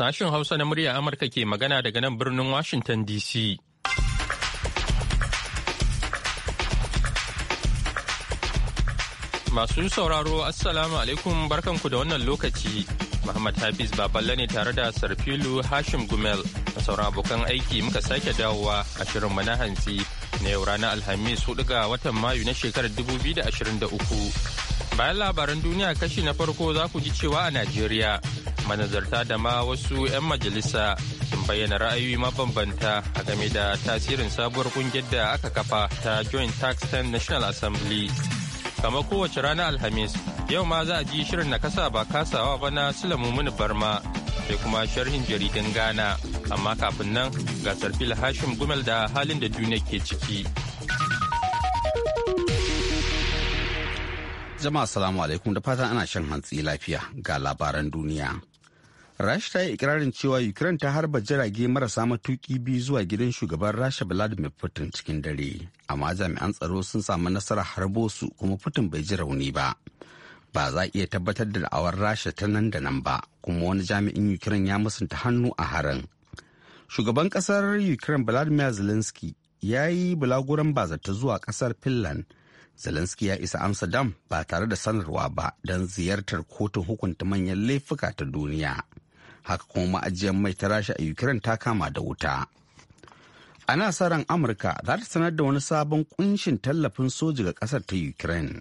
Sashen Hausa na murya Amurka ke magana daga nan birnin Washington DC. Masu sauraro Assalamu alaikum barkanku da wannan lokaci. Muhammad Hafiz Baballe ne tare da Sarfilu Hashim Gumel da sauran abokan aiki muka sake dawowa a shirin na hantsi na yau ranar Alhamis 4 ga watan Mayu na shekarar 2023. Bayan labaran duniya kashi na farko za ku ji cewa a Najeriya manazarta da ma wasu 'yan majalisa sun bayyana ra'ayoyi mabambanta a game da tasirin sabuwar kungiyar da aka kafa ta joint tax 10 national assembly kamar kowace rana alhamis yau ma za a ji shirin na kasa ba kasawa ba na silamumuni barma sai kuma sharhin jaridan ghana amma kafin nan ga sarfil hashim gumel da halin da duniya ke ciki jama'a salamu alaikum da fatan ana shan hantsi lafiya ga labaran duniya rasha ta yi ikirarin cewa ukraine ta harba jirage marasa matuki biyu zuwa gidan shugaban rasha vladimir putin cikin dare amma jami'an tsaro sun samu nasarar harbo su kuma putin bai ji rauni ba ba za iya tabbatar da da'awar rasha ta nan da nan ba kuma wani jami'in ukraine ya musanta hannu a harin shugaban kasar ukraine vladimir zelensky ya yi bulaguran bazata zuwa kasar finland zelensky ya isa amsterdam ba tare da sanarwa ba don ziyartar kotun hukunta manyan laifuka ta duniya haka kuma ma'ajiyar mai ta rasha a ukraine ta kama da wuta ana sa ran amurka za ta sanar da wani sabon kunshin tallafin soji ga kasar ta ukraine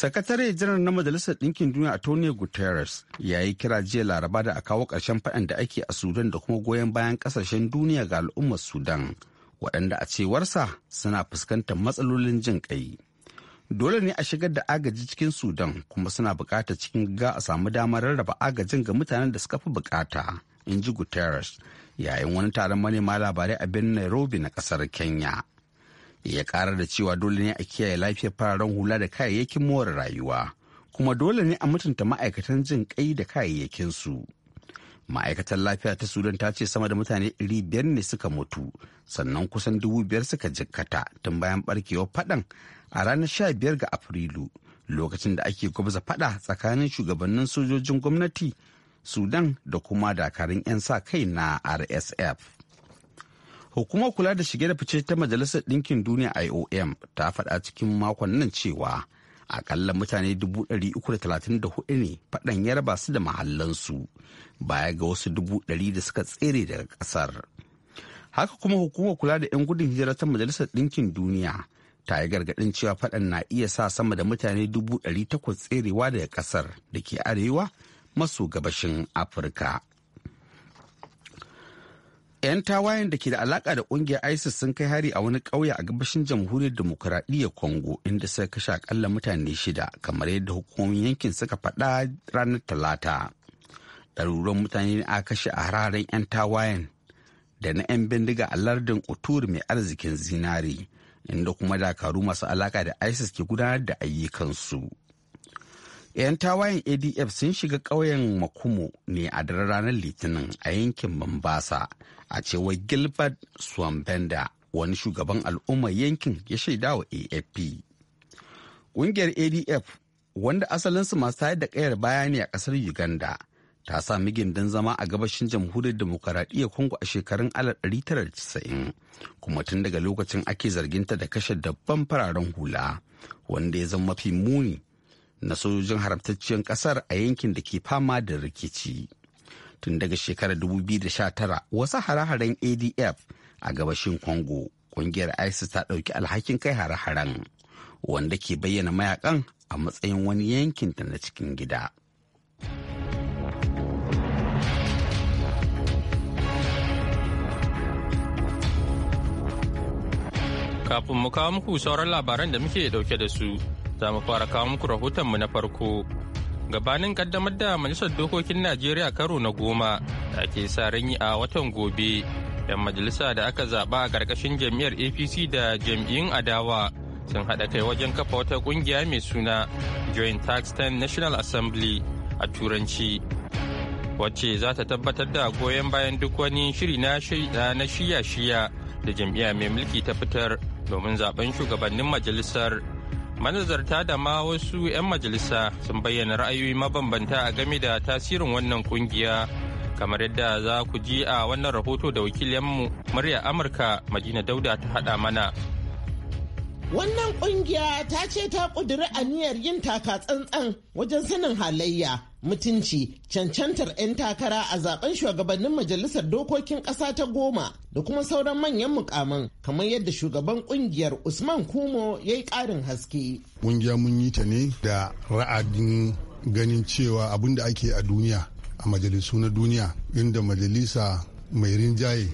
sakatare janar na majalisar ɗinkin duniya Tony guterres ya yi kira jiya laraba da a kawo ƙarshen faɗan da ake a sudan da kuma goyon bayan ƙasashen duniya ga al'ummar sudan waɗanda a cewarsa suna fuskantar matsalolin jin ƙai. dole ne a shigar da agaji cikin sudan kuma suna bukata cikin ga a samu damar rarraba agajin ga mutanen da suka fi bukata in ji guterres yayin wani taron manema labarai a birnin nairobi na kasar kenya ya kara da cewa dole ne a kiyaye lafiyar fararen hula da kayayyakin more rayuwa kuma dole ne a mutunta ma'aikatan jin kai da kayayyakinsu. su ma'aikatar lafiya ta sudan ta ce sama da mutane biyar ne suka mutu sannan kusan biyar suka jikkata tun bayan barkewar fadan a ranar 15 ga afrilu lokacin da ake gwabza fada tsakanin shugabannin sojojin gwamnati sudan da kuma dakarun 'yan sa kai na rsf hukumar kula da shige da fice ta majalisar ɗinkin duniya iom ta faɗa cikin makon nan cewa akalla mutane 334 ne faɗan yarba su da mahallansu baya ga wasu 100 da suka tsere daga ƙasar. Haka kuma hukumar kula da 'yan gudun hijira ta Majalisar Ɗinkin Duniya ta yi gargaɗin cewa faɗan na iya sa sama da mutane 800 tserewa daga ƙasar da ke arewa maso gabashin Afirka. 'yan tawayen da ke da alaka da kungiyar isis sun kai hari a wani ƙauye a gabashin jamhuriyar demokuraɗiyyar Kongo inda suka kashe akalla mutane shida kamar yadda hukumomin yankin suka faɗa ranar talata ɗaruruwan mutane ne a kashe a hararen 'yan tawayen da na 'yan bindiga a lardin otur mai arzikin zinari inda kuma dakaru masu alaka da isis ke gudanar da ayyukansu. 'yan tawayen adf sun shiga ƙauyen makumo ne a daren ranar litinin a yankin mombasa a cewar gilbert swambenda wani shugaban al'ummar yankin ya shaida wa afp ƙungiyar adf wanda asalinsu masu tayar da ƙayar baya ne a ƙasar uganda ta sami gindin zama a gabashin jamhuriyar demokaradiyyar congo a shekarun 1990 kuma tun daga lokacin ake zarginta da kashe dabban fararen hula wanda ya zama mafi muni na sojojin haramtacciyar kasar a yankin da ke fama da rikici tun daga shekarar 2019 wasu hare-haren adf a gabashin congo kungiyar isis ta dauki alhakin kai hare-haren wanda ke bayyana mayakan a matsayin wani yankin ta na cikin gida kafin mu kawo muku sauran labaran da muke dauke da su za mu fara kawo muku rahotonmu na farko gabanin kaddamar da majalisar dokokin najeriya karo na goma da ake sa ran yi a watan gobe yan majalisa da aka zaba a karkashin jam'iyyar apc da jam'iyyun adawa sun haɗa kai wajen kafa wata ƙungiya mai suna joint tax 10 national assembly a turanci wacce za ta tabbatar da goyon bayan duk wani shiri na shiya-shiya da jam'iyya mai mulki ta fitar domin zaben shugabannin majalisar manazarta da ma wasu 'yan majalisa sun bayyana ra'ayoyi mabambanta a game da tasirin wannan kungiya kamar yadda za ku ji a wannan rahoto da wakilin murya amurka madina dauda ta hada mana Wannan kungiya ta ce ta ƙudiri aniyar yin taka tsantsan wajen sanin halayya, mutunci, cancantar 'yan takara a zaben shugabannin majalisar dokokin ƙasa ta goma da kuma sauran manyan mukaman kamar yadda shugaban kungiyar Usman Kumo ya yi ƙarin haske. Kungiya mun yi ta ne da ra'adin ganin cewa abin da ake a duniya a majalisu na duniya inda majalisa mai rinjaye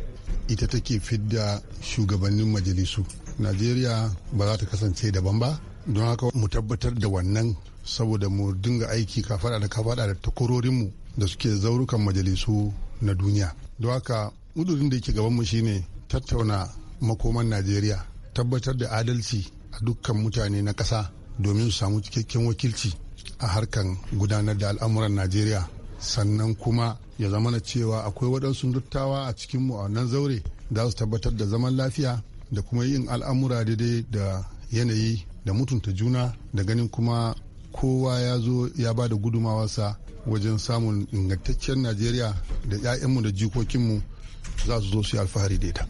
ita take fidda shugabannin majalisu najeriya ba za ta kasance daban ba don haka mu tabbatar da wannan saboda mu dinga aiki kafaɗa da kafaɗa da takwarorinmu da suke zaurukan majalisu na duniya don haka udurin da yake gabanmu shine tattauna makoman najeriya tabbatar da adalci a dukkan mutane na ƙasa domin su samu cikakken wakilci a harkan gudanar da al'amuran najeriya sannan kuma ya zama na cewa akwai waɗansu dattawa a cikinmu a nan zaure za su tabbatar da zaman lafiya da kuma yin al'amura daidai da yanayi da mutunta juna da ganin kuma kowa ya zo ya ba da gudumawarsa wajen samun ingantaccen najeriya da 'ya'yanmu da jikokinmu za su zo su yi alfahari da ita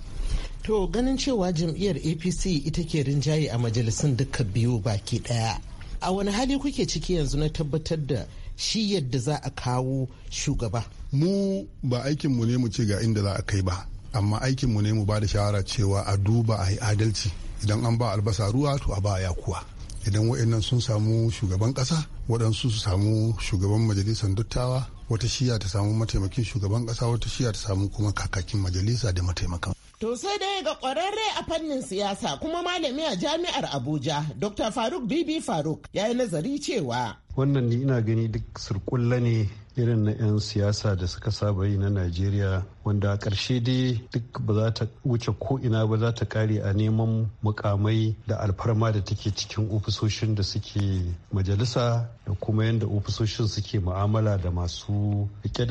to ganin cewa jam'iyyar apc ita ke rinjaye a majalisun duka biyu baki daya a wani hali kuke ciki yanzu na tabbatar da shi yadda za a kawo shugaba mu ba aikinmu ne mu ce ga inda za a kai ba amma aikinmu ne mu ba da shawara cewa a duba a yi adalci idan an ba albasa ruwa to a ba yakuwa idan wa'annan sun samu shugaban kasa waɗansu su samu shugaban majalisar dattawa wata shiya ta samu mataimakin shugaban kasa wata shiya ta samu kuma kakakin majalisa da mataimakan To sai dai ga ƙwararre a fannin siyasa kuma malami a jami'ar Abuja, Dr. Faruk Bibi Faruk ya yi nazari cewa. Wannan ni ina gani duk surkulla ne irin na 'yan siyasa da suka saba yi na najeriya wanda a ƙarshe dai duk ba za ta wuce ko'ina ba za ta kare a neman mukamai da alfarma da take cikin ofisoshin da suke majalisa da kuma yadda ofisoshin suke mu'amala da masu rike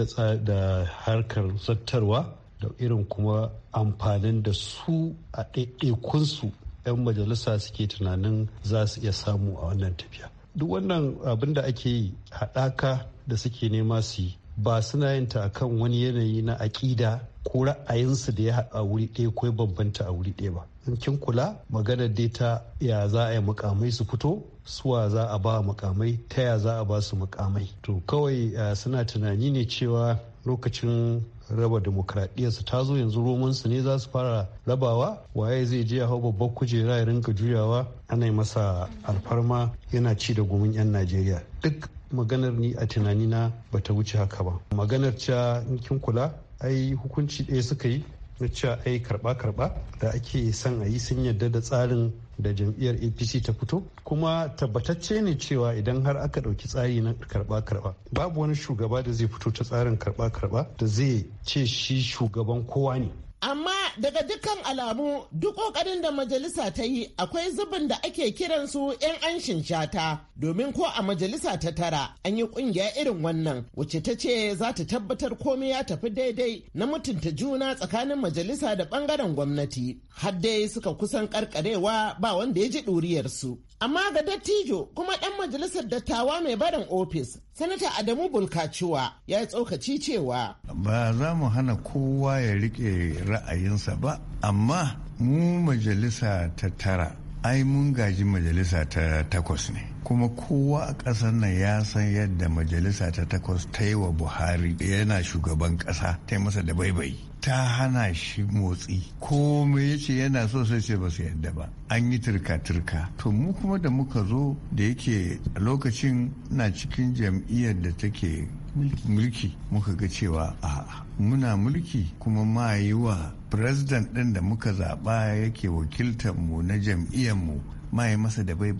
da harkar zattarwa da irin kuma amfanin da su a ɗaiɗaikunsu 'yan majalisa suke tunanin za su iya samu a wannan tafiya duk wannan abin da ake yi haɗaka da suke nema su yi ba suna yin ta akan wani yanayi na aƙida ko ra'ayinsu da ya haɗa a wuri ɗaya ko ya bambanta a wuri ɗaya ba in kin kula maganar dai ta ya za a yi mukamai su fito suwa za a ba mukamai ta ya za a ba su mukamai to kawai suna tunani ne cewa lokacin raba demokradiyyarsu ta zo yanzu romansu ne za su fara rabawa waye zai je hau babbar kujera ya rinka juyawa ana yi masa alfarma yana ci da gumin 'yan najeriya duk maganar ni a tunanina ba ta wuce haka ba maganar cewa kin kula ai hukunci ɗaya suka yi na cewa ai karba karba da ake son a yi sun yarda da tsarin da jam'iyyar apc ta fito kuma tabbatacce ne cewa idan har aka ɗauki tsari na karba karba babu wani shugaba da zai fito ta tsarin karba karba da zai ce shi shugaban kowa ne amma daga dukkan alamu duk kokarin da majalisa ta yi akwai zubin da ake kiran su 'yan anshin shata domin ko a majalisa ta tara an yi kungiya irin wannan wacce ta ce za ta tabbatar komai ya tafi daidai na mutunta juna tsakanin majalisa da bangaren gwamnati har dai suka kusan karkarewa ba wanda ya ji ɗuriyarsu Amma ga dattijo kuma ɗan majalisar dattawa mai barin ofis, Sanata Adamu Bulkaciwa ya yi tsokaci cewa. Ba za mu hana kowa ya riƙe ra'ayinsa ba, amma mu majalisa ta tara, ai mun gaji majalisa ta takwas ne. kuma kowa a ƙasar nan ya san yadda majalisa ta takwas ta yi wa buhari yana shugaban ƙasa ta yi masa da baibai ta hana shi motsi komai ya ce yana so sai ce ba su yadda ba an yi turka-turka to mu kuma da muka zo da yake lokacin na cikin jam'iyyar da take mulki muka ga cewa a muna mulki kuma ma yi wa president ɗin da muka zaɓa yake wakiltar mu na jam'iyyar mu ma yi masa da bai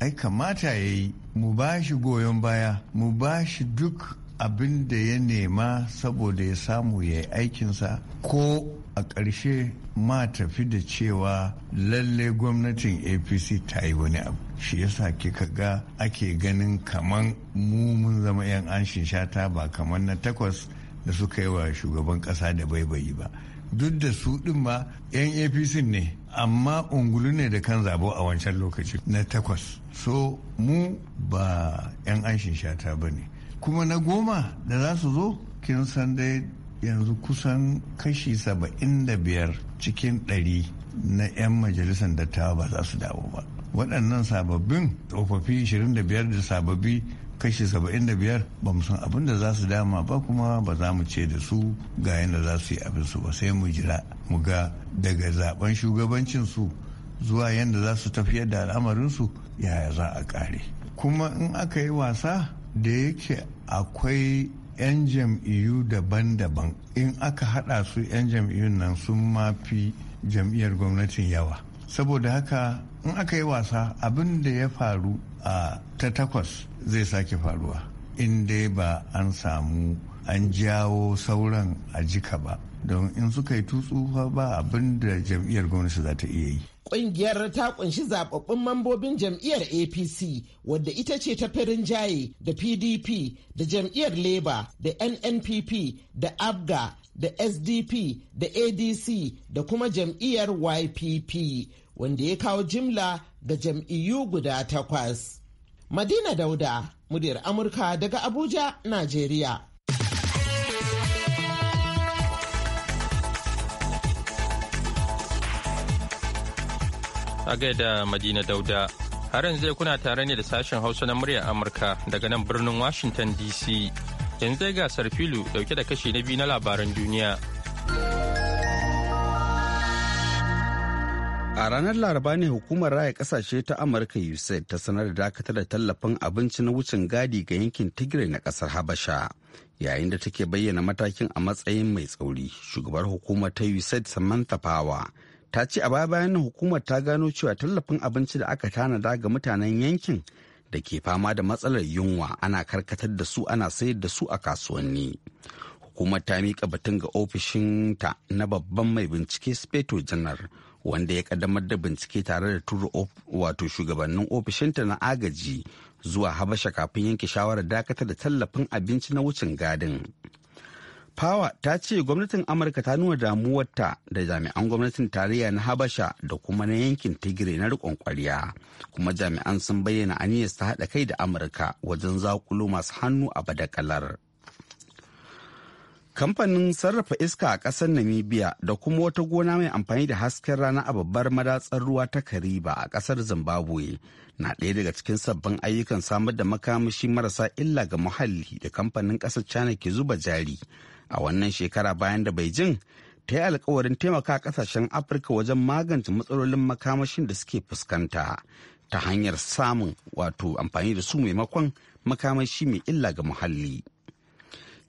ai kamata ya yi mu ba shi goyon baya mu ba shi duk abin da ya nema saboda ya samu ya yi aikinsa ko a ƙarshe ma tafi da cewa lalle gwamnatin apc ta yi wani abu shi yasa kika ga ake ganin kaman mu mun zama 'yan an shata ba kaman na takwas da suka yi wa shugaban ƙasa da baibayi ba duk da su ɗin ma 'yan apc ne amma ungulu ne da kan zabo a wancan lokaci na takwas so mu ba 'yan an shata ba ne kuma na goma da za su zo kin san dai yanzu kusan kashi saba'in da biyar cikin ɗari na 'yan majalisar dattawa ba za su dawo ba waɗannan sababbin tsofaffi 25 da sababbi kashi 75 ba mu san abin da za su dama ba kuma ba za mu ce da su ga yadda za su yi abin su ba sai mu jira mu ga daga zaben shugabancin su zuwa yadda za su tafiyar da al'amarin su yaya za a kare kuma in aka yi wasa da yake akwai 'yan jam'iyyu daban-daban in aka hada su 'yan jam'iyyun nan sun mafi jam'iyyar gwamnatin yawa saboda haka in aka yi wasa abin da ya faru a ta takwas zai sake faruwa in dai ba an samu an jawo sauran a jika ba don in suka yi tutsu ba abin da jam'iyyar gwamnati za ta iya yi Ƙungiyar ta kunshi zababbun mambobin jam'iyyar APC wadda ita ce ta firin jaye da PDP da jam'iyyar Labour da NNPP da ABGA da SDP da ADC da kuma jam'iyyar YPP wanda ya kawo jimla ga jam'iyyu guda takwas. Madina Dauda, muryar Amurka daga Abuja, Najeriya. a gaida Madina Dauda. Har yanzu kuna tare ne da sashen Hausa na muryar Amurka daga nan birnin Washington DC. Yanzu zai gasar filu dauke da kashi na biyu na labaran duniya. A ranar Laraba ne hukumar raya kasashe ta Amurka USAID ta sanar da dakatar da tallafin abinci na wucin gadi ga yankin Tigray na kasar Habasha. Yayin da take bayyana matakin a matsayin mai tsauri, shugabar hukumar ta USAID Samantha Power ta ce a baya bayan hukumar ta gano cewa tallafin abinci da aka tanada ga mutanen yankin da ke fama da matsalar yunwa ana karkatar da su ana sayar da su a kasuwanni hukumar ta miƙa batun ga ofishin ta na babban mai bincike speto janar wanda ya kaddamar da bincike tare da turu wato shugabannin ofishinta na agaji zuwa habasha kafin yanke shawarar dakatar da tallafin abinci na wucin gadin Power ta ce gwamnatin Amurka ta nuna damuwarta da jami'an gwamnatin tarayya na Habasha da kuma na yankin Tigray na riƙon ƙwarya. Kuma jami'an sun bayyana aniyar su haɗa kai da Amurka wajen zakulo masu hannu a badakalar. Kamfanin sarrafa iska a ƙasar Namibia da kuma wata gona mai amfani da hasken rana a babbar madatsar ruwa ta Kariba a ƙasar Zimbabwe na ɗaya daga cikin sabbin ayyukan samar da makamashi marasa illa ga muhalli da kamfanin ƙasar China ke zuba jari. a wannan shekara bayan da beijing ta yi alkawarin taimaka kasashen afirka wajen magance matsalolin makamashin da suke fuskanta ta hanyar samun wato amfani da su maimakon makamashi mai illa ga muhalli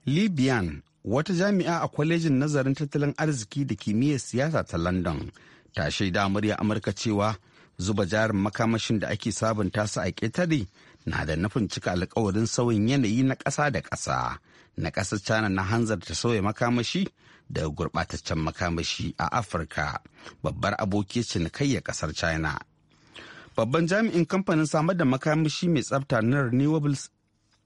libyan wata jami'a a kwalejin nazarin tattalin arziki da kimiyyar siyasa ta london ta shaida murya amurka cewa zuba jarin makamashin da ake sabunta su a ƙetare na da nufin cika alkawarin sauyin yanayi na ƙasa da ƙasa na ƙasar china na hanzarta sauya makamashi da gurbataccen makamashi a afirka babbar aboki ya ƙasar china babban jami'in kamfanin samar da makamashi mai tsafta na renewables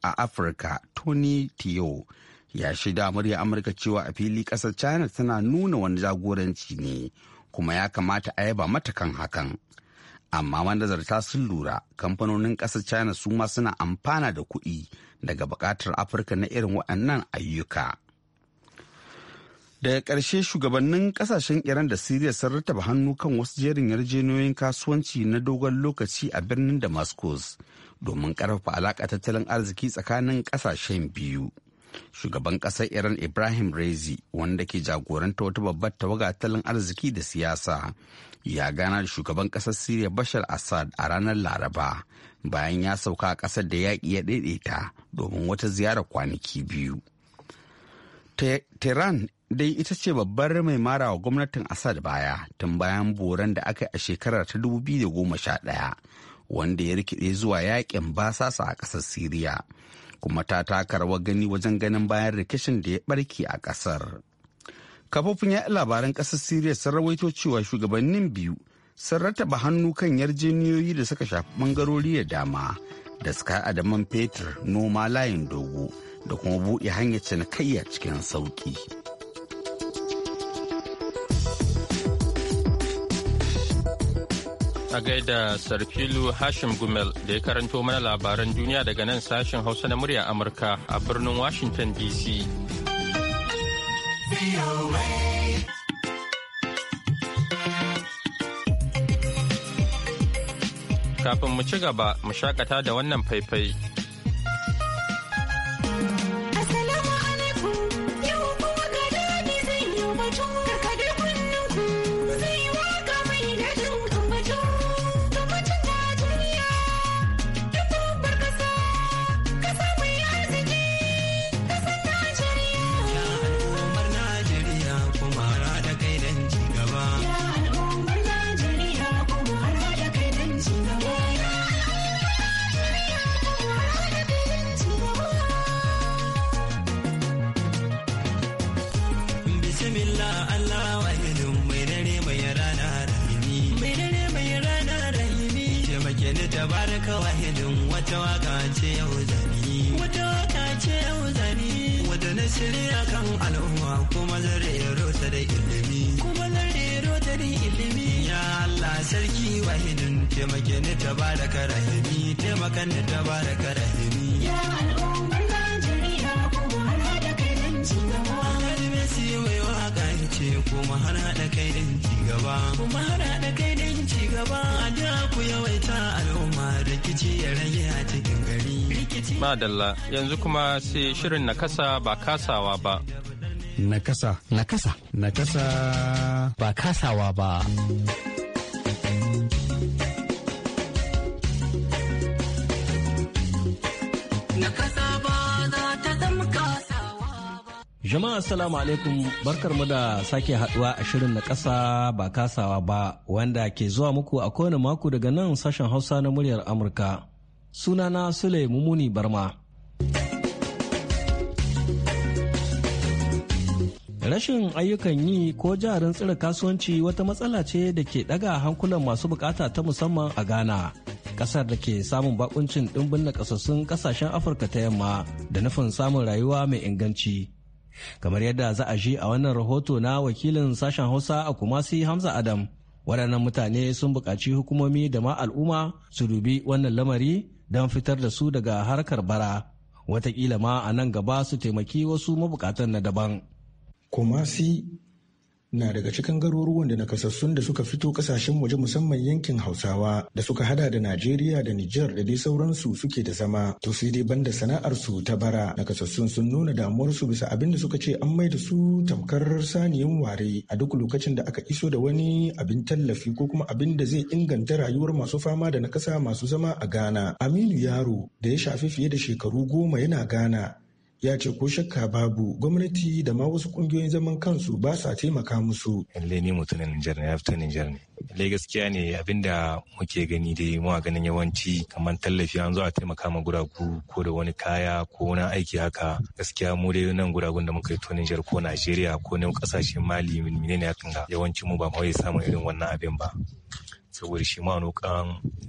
a afirka tony teo ya shida murya amurka cewa a fili ƙasar china tana nuna wani jagoranci ne kuma ya kamata a yaba mata kan hakan amma manazarta sun lura kamfanonin ƙasar china su ma suna amfana da kuɗi daga bukatar afirka na irin waɗannan ayyuka daga ƙarshe shugabannin ƙasashen iran da siriya sun rataba hannu kan wasu jerin yarjejeniyoyin kasuwanci na dogon lokaci a birnin damascus domin ƙarfafa alaƙa tattalin arziki tsakanin ƙasashen biyu shugaban ƙasar iran ibrahim rezi wanda ke jagoranta wata babbar tawaga tattalin arziki da siyasa ya gana da shugaban ƙasar siriya bashar assad a ranar laraba bayan ya sauka a ƙasar da yaƙi ya ɗaiɗaita domin wata ziyarar kwanaki biyu. Tehran dai ita ce babbar mai mara wa gwamnatin Assad baya tun bayan boran da aka yi a shekarar ta 2011 wanda ya rikide zuwa yaƙin basasa a ƙasar Siriya kuma ta taka rawar gani wajen ganin bayan rikishin da ya barke a ƙasar. Kafofin ya labaran ƙasar Siriya sun rawaito cewa shugabannin biyu sun rattaba hannu kan yarjejeniyoyi da suka shafi bangarori da dama da suka yi da fetur noma layin dogo da kuma buɗe hanyar cinikayya cikin sauƙi. A gaida Sarfilu Hashim Gumel da ya karanto mana labaran duniya daga nan sashen Hausa na murya Amurka a birnin Washington DC. Kafin mu ci gaba, mu shakata da wannan faifai. bismillah Allah wahidun mai dare mai rana rahimi mai dare mai rana rahimi taimake ni tabaraka wahidun wata waka ce yau zani wata waka ce yau zani wata na shirya kan al'umma kuma zare rota da ilimi kuma zare rota da ilimi ya Allah sarki wahidun taimake ni tabaraka rahimi taimaka ni tabaraka rahimi ce kuma har haɗa kai din ci gaba. Kuma har da kai din ci gaba a da ku yawaita al'umma rikici ya rage a cikin gari. Madalla yanzu kuma sai shirin na kasa ba kasawa ba. Na kasa. Na kasa. Na kasa. Ba kasawa ba. Na kasa ba. Jama'a assalamu alaikum barkar mu da sake haduwa a shirin na kasa ba kasawa ba wanda ke zuwa muku a kowane mako daga nan sashen Hausa na muryar Amurka. Sunana Sule Mumuni Barma. Rashin ayyukan yi ko jarin tsira kasuwanci wata matsala ce da ke daga hankulan masu bukata ta musamman a Ghana. kasar da ke samun bakuncin dimbin na kasassun kasashen afirka ta yamma da nufin samun rayuwa mai inganci kamar yadda za a ji a wannan rahoto na wakilin sashen hausa a kumasi hamza adam waɗannan mutane sun buƙaci hukumomi da ma al'umma su dubi wannan lamari don fitar da su daga harkar bara watakila ma a nan gaba su taimaki wasu mabukatan na daban kumasi na daga cikin garuruwan da nakasassun da suka fito kasashen waje musamman yankin hausawa da suka hada da najeriya da Niger da dai sauransu suke da zama to sai dai banda sana'arsu ta bara nakasassun sun nuna damuwarsu bisa abin da suka ce an mai da su tamkar saniyan ware a duk lokacin da aka iso da wani abin tallafi ko kuma abin da zai inganta rayuwar masu fama da nakasa masu zama a ghana aminu yaro da ya shafi fiye da shekaru goma yana ghana ya ce ko shakka babu gwamnati da ma wasu kungiyoyin zaman kansu ba sa taimaka musu. Lalle ni mutumin Nijar ne, fita Nijar ne. Lalle gaskiya ne abinda muke gani dai mu ganin yawanci kamar tallafi an zo a taimaka ma guragu ko da wani kaya ko wani aiki haka. Gaskiya mu dai nan guragun da muka yi to Nijar ko Najeriya ko ne kasashen Mali menene hakan ga yawanci mu ba mu samun irin wannan abin ba. saboda shi ma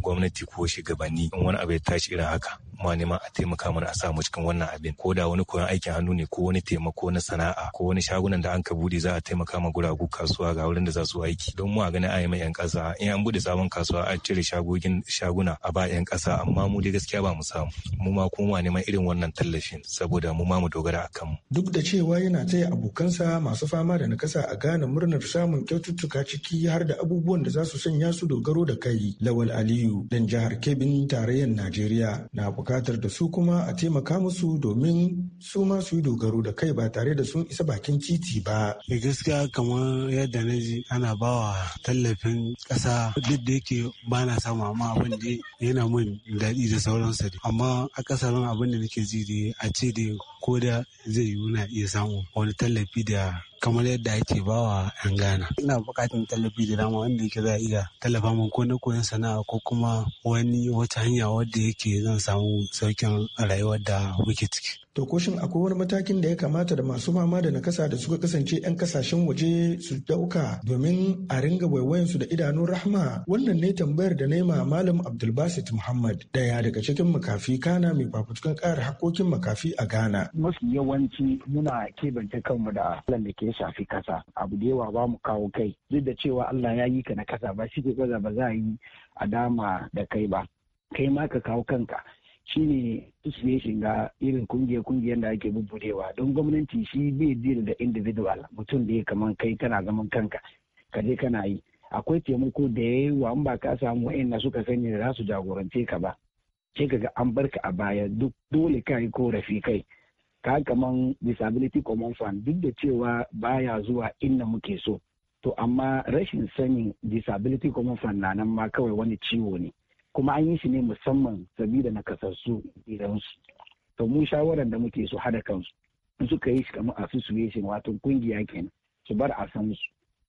gwamnati ko shugabanni in wani abu ya tashi irin haka ma neman a taimaka mana a samu cikin wannan abin ko da wani koyon aikin hannu ne ko wani taimako na sana'a ko wani shagunan da an ka bude za a taimaka ma guragu kasuwa ga wurin da za su aiki don mu a a ayi mai yan kasa in an bude sabon kasuwa a cire shagogin shaguna a ba yan kasa amma mu dai gaskiya ba mu samu mu ma kuma neman irin wannan tallafin saboda mu ma mu dogara a kanmu. duk da cewa yana taya abokansa masu fama da nakasa a gane murnar samun kyaututtuka ciki har da abubuwan da za su sanya su dogaro da kai lawal aliyu dan jihar kebin tarayyar najeriya na bukatar da su kuma a taimaka musu domin su ma su yi dogaro da kai ba tare da sun isa bakin titi ba. Da eh, gaskiya kamar yadda na ji ana bawa tallafin ƙasa duk da yake ba na samu amma abin da yana min daɗi da sauransa amma a akasarin abin da nake ji da a ce da ko da zai yi na iya samu wani tallafi da kamar yadda ake bawa 'yan Ghana. Ina buƙatar tallafi da dama wanda yake za a iya tallafa min ko na koyon sana'a ko kuma wani wata hanya wadda yake zan samu sauƙin rayuwar da muke ciki. to ko shin akwai wani matakin da ya kamata da masu fama da nakasa da suka kasance 'yan kasashen waje su dauka domin a ringa waiwayansu da idanun rahma wannan ne tambayar da nema malam abdulbasit muhammad daya daga cikin makafi kana mai fafutukan kare hakokin makafi a ghana mafi yawanci muna kebanta kanmu da alan da ke shafi kasa abu da yawa ba mu kawo kai duk da cewa allah ya yi ka na kasa ba shi ke ba za a yi a dama da kai ba kai ma ka kawo kanka shine association shiga irin kungiyar kungiyar da ake bubbudewa don gwamnati shi bai deal da individual mutum da ya kaman kai kana zaman kanka ka je kana yi akwai taimako da ya yi wa ba ka samu wa'in suka sani da za su jagorance ka ba ke ka ga an barka a baya duk dole ka yi korafi kai ka kaman disability common fund duk da cewa baya zuwa inda muke so to amma rashin sanin disability common fund na nan ma kawai wani ciwo ne kuma an yi shi ne musamman sabida na kasassu gidansu to mu shawarar da muke su hada kansu in suka yi shi kamar association wato kungiya kenan su bar a san su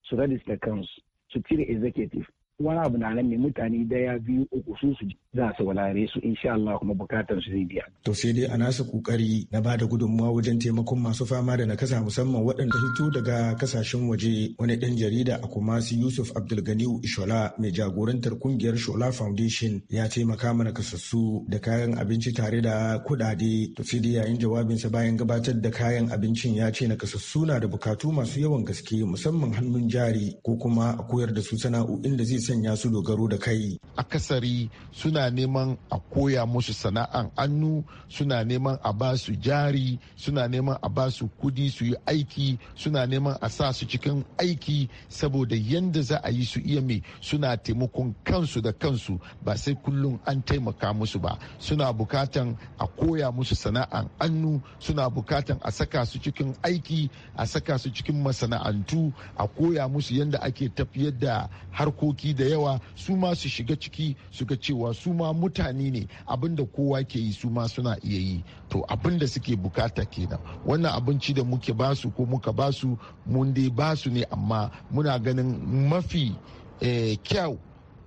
su register kansu su cire executive wani abu na nan ne mutane daya biyu uku su su za su walare su insha Allah kuma bukatar su zai biya. To sai dai a nasa kokari na ba da gudunmawa wajen taimakon masu fama da nakasa musamman waɗanda fito daga kasashen waje wani ɗan jarida a Kumasi Yusuf Abdulganiu Ishola mai jagorantar kungiyar Shola Foundation ya taimaka mana kasassu da kayan abinci tare da kuɗaɗe. To sai dai yayin jawabinsa bayan gabatar da kayan abincin ya ce nakasassu na da bukatu masu yawan gaske musamman hannun jari ko kuma a koyar da su sana'o'in da zai sanya su dogaro da kai akasari suna neman a koya musu sana'an annu suna neman a ba su jari suna neman a ba su kudi su yi aiki suna neman a sa su cikin aiki saboda yadda za a yi su iya mai suna taimakon kansu da kansu ba sai kullum an taimaka musu ba suna bukatan a koya musu sana'an annu suna bukatan a saka su cikin aiki a saka su cikin masana'antu a koya musu yadda ake tafiyar da harkoki da yawa su ma su shiga ciki su ga cewa su ma mutane ne abinda kowa ke yi su ma suna iya yi to abinda suke bukata kenan wannan abinci da muke basu ko muka basu mun dai basu ne amma muna ganin mafi eh, kyau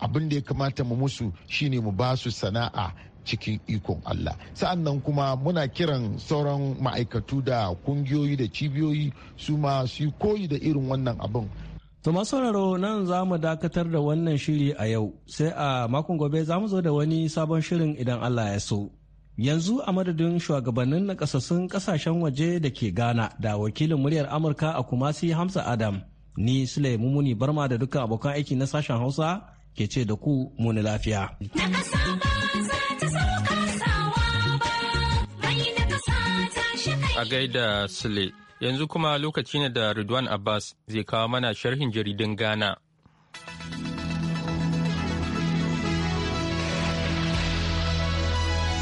abinda ya kamata mu musu shine mu basu sana'a cikin ikon Allah. Sa'an nan kuma muna kiran sauran ma'aikatu da kungiyoyi da cibiyoyi su ma su koyi da irin wannan abin To masu nan za mu dakatar da wannan shiri a yau sai a makon gobe za mu zo da wani sabon shirin idan Allah ya so. Yanzu a madadin shugabannin na kasassun kasashen waje da ke Ghana da wakilin muryar Amurka a Kumasi Hamza Adam ni Sule Mumuni Barma da dukkan abokan aiki na sashen Hausa ke ce da ku muni lafiya. A gaida Sule. Yanzu kuma lokaci ne da Ridwan Abbas zai kawo mana sharhin jaridun Ghana.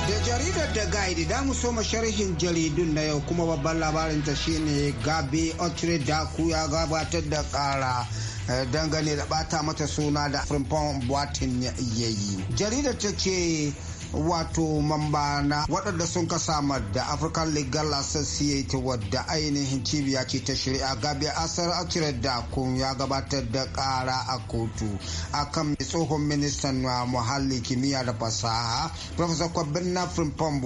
Da jaridar da guide da mu ma sharhin jaridun na yau kuma babban labarin ta shine gabe otre daku ya gabatar da kara eh, dangane da bata mata suna da frimpon buwatin yayi jaridar ta ce wato mamba na waɗanda sun ka samar da African Legal Associate wadda ainihin cibiya ce ta shari'a gabi asar cire da kun ya gabatar da ƙara a kotu akan tsohon ministan na muhalli kimiyya da fasaha Professor Kwabin na Frimpon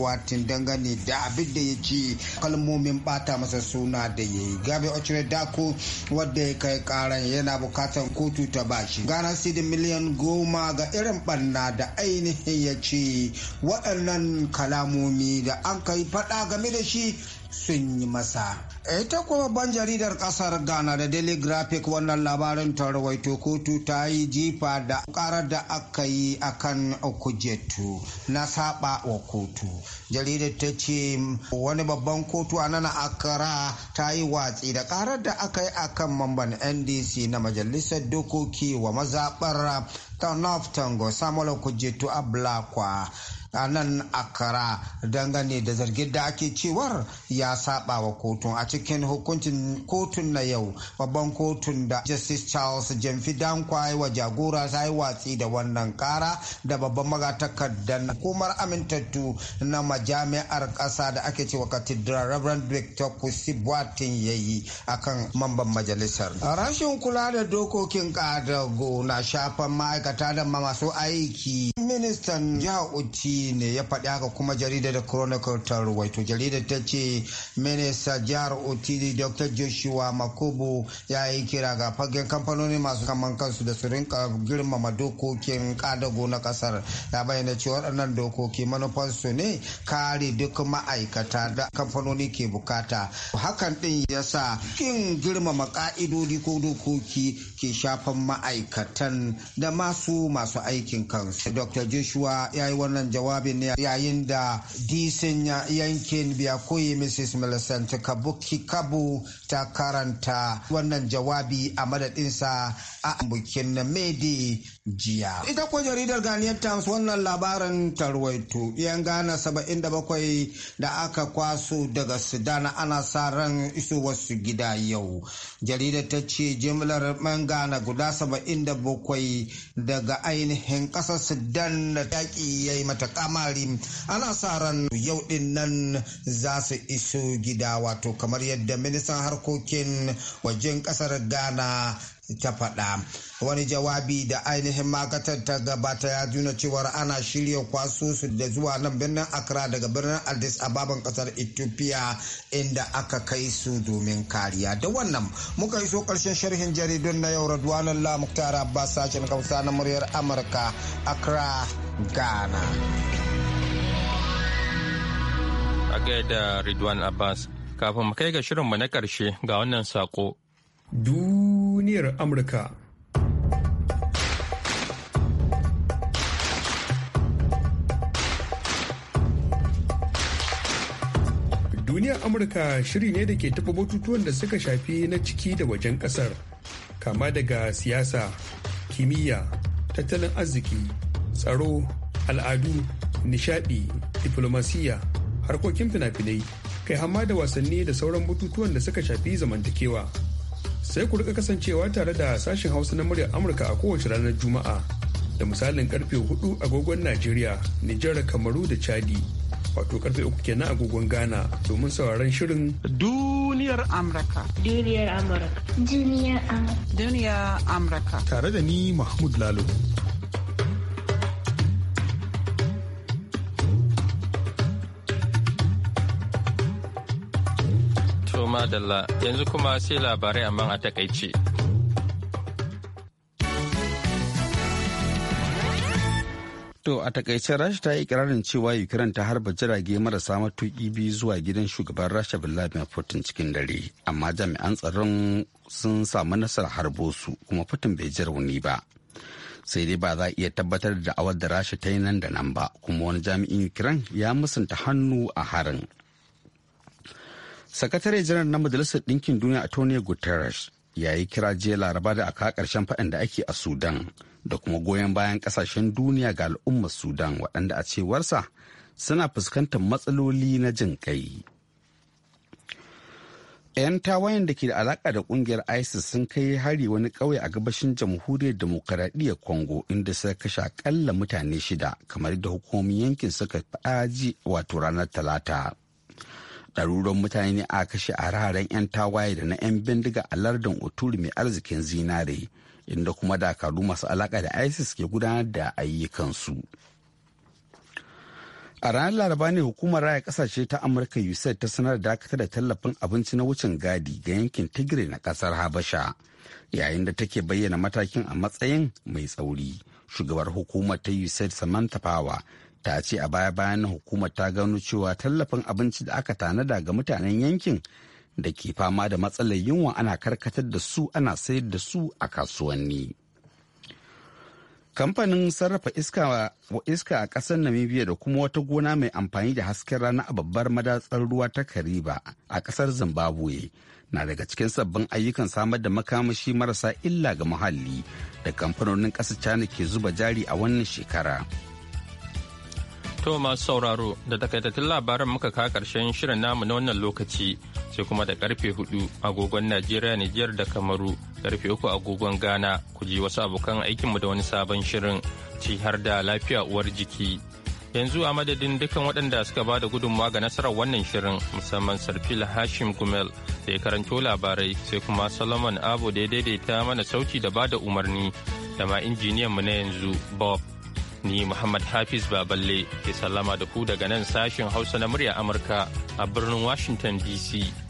dangane da abin da ya ci kalmomin bata masa suna da ya yi. Gabi da Dako wadda ya kai karan yana bukatan kotu ta bashi. Gana sidi miliyan goma ga irin barna da ainihin ya ce waɗannan kalamomi da an kai faɗa game da shi sun yi masa. Ita kuma ban jaridar kasar Ghana da Daily Graphic wannan labarin ta rawaito kotu ta yi jifa da karar da aka yi akan kujetu na saba wa kotu. Jaridar ta ce wani babban kotu a nan akara ta yi watsi da karar da aka yi akan mamban NDC na majalisar dokoki wa mazaɓar ta North Tango Samuel Kujetu Ablakwa. a nan akara dangane da zargin da ake cewar ya saba wa kotun a cikin hukuncin kotun na yau babban kotun da Justice Charles Jamfi Dankwai wa jagora ta yi watsi da wannan kara da babban magatakardar hukumar amintattu na majami'ar ƙasa da ake cewa katidra Reverend Victor Kusi ya yi a kan mamban majalisar. Rashin kula da dokokin kadago na shafan ma'aikata da masu aiki ministan jihar Uti ne ya faɗi haka kuma jaridar da Chronicle ta ruwaito. Jaridar ta ce Minista jihar Otili Dr. Joshua Makubu ya yi kira ga fagen kamfanoni masu kaman kansu da su rinka girmama dokokin kadago na kasar. Ya bayyana cewa waɗannan dokoki manufansu ne kare duk ma'aikata da kamfanoni ke bukata. Hakan din ya sa kin girmama ka'idodi ko dokoki ke shafan ma'aikatan da masu masu aikin kansu. Dr. Joshua ya yi wannan jawabi jawabin ne yayin da disin yankin biyakoyi mrs millicent kabuki kabu ta karanta wannan jawabi a madadinsa a bukin medi jiya. Ita kuwa jaridar Ghanaian Times wannan labarin tarwaito yan Ghana 77 da aka kwaso daga Sudan ana sa ran iso isowarsu gida yau. Jaridar ta ce jimlar man Ghana guda 77 daga ainihin ƙasar Sudan da yaƙi ya yi mata kamari ana sa ran yau ɗin nan za su iso gida wato kamar yadda ministan harkokin harkokin wajen kasar ghana ta faɗa wani jawabi da ainihin makatar ta gabata ya nuna cewar ana shirya kwaso su da zuwa nan birnin accra daga birnin addis ababan kasar ethiopia inda aka kai su domin kariya da wannan muka iso karshen sharhin jaridun na yau radwanan la muktar abbas sashen kausa na muryar amurka accra ghana a gaida ridwan abbas kafin mu kai ga shirinmu na ƙarshe ga wannan saƙo. Duniyar Amurka. Duniyar Amurka shiri ne da ke taɓa batutuwan da suka shafi na ciki da wajen ƙasar, kama daga siyasa, kimiyya, tattalin arziki, tsaro, al'adu, nishadi, diplomasiya, harkokin fina-finai kai hama da wasanni da sauran bututuwan da suka shafi zamantakewa. Sai ku rika kasancewa tare da sashen Hausa na muryar Amurka a kowace ranar Juma'a da misalin karfe 4 agogon Najeriya, Nijar, Kamaru da Chadi. Wato karfe 3 kenan agogon Ghana domin sauraron shirin Duniyar Amurka. Duniyar Amurka. Duniyar Amurka. Duniyar Amurka. Tare da ni Mahmud Lalo. madalla yanzu kuma sai labarai amma a takaice. To a takaice Rasha ta yi ikirarin cewa Ukraine ta harba jirage marasa matuƙi biyu zuwa gidan shugaban Rasha Vladimir Putin cikin dare, amma jami'an tsaron sun samu nasarar harbo su kuma Putin bai ji rauni ba. Sai dai ba za a iya tabbatar da awar da Rasha ta yi nan da nan ba, kuma wani jami'in Ukraine ya musanta hannu a harin. sakatare janar na majalisar ɗinkin duniya a Tony guterres ya yi kira jiya laraba da aka karshen faɗin da ake a sudan da kuma goyon bayan ƙasashen duniya ga al'ummar sudan waɗanda a cewarsa suna fuskantar matsaloli na jin kai. 'yan tawayen da ke da alaka da ƙungiyar isis sun kai hari wani ƙauye a gabashin jamhuriyar demokaradiyyar congo inda suka kashe akalla mutane shida kamar da hukumomin yankin suka faɗa wato ranar talata ɗaruran mutane ne a kashe a hararen 'yan tawaye da na 'yan bindiga a lardin oturu mai arzikin zinare inda kuma dakaru masu alaka da isis ke gudanar da ayyukansu a ranar laraba ne hukumar raya kasashe ta amurka usaid ta sanar da dakatar da tallafin abinci na wucin gadi ga yankin tigray na kasar habasha yayin da take bayyana matakin a matsayin mai tsauri shugabar hukumar ta usaid samantha power ta ce a baya bayan hukumar ta gano cewa tallafin abinci da aka tanada ga mutanen yankin da ke fama da matsalar yunwa ana karkatar da su ana sayar da su a kasuwanni. Kamfanin sarrafa iska a ƙasar Namibia da kuma wata gona mai amfani da hasken rana a babbar madatsar ruwa ta Kariba a ƙasar Zimbabwe na daga cikin sabbin ayyukan samar da makamashi marasa illa ga muhalli da kamfanonin ƙasar China ke zuba jari a wannan shekara. To masu sauraro da takaitattun labaran muka ka karshen shirin namu na wannan lokaci sai kuma da karfe hudu agogon Najeriya Nijar da Kamaru karfe uku agogon Ghana ku ji wasu abokan aikinmu da wani sabon shirin ci har da lafiya uwar jiki. Yanzu a madadin dukkan waɗanda suka ba da gudunmawa ga nasarar wannan shirin musamman sarfil Hashim Gumel da ya karanto labarai sai kuma Solomon Abu da ya daidaita mana sauti da ba da umarni da ma injiniyanmu na yanzu Bob. Ni Muhammad Hafiz Baballe ke sallama da ku daga nan sashin Hausa na murya Amurka a birnin Washington DC.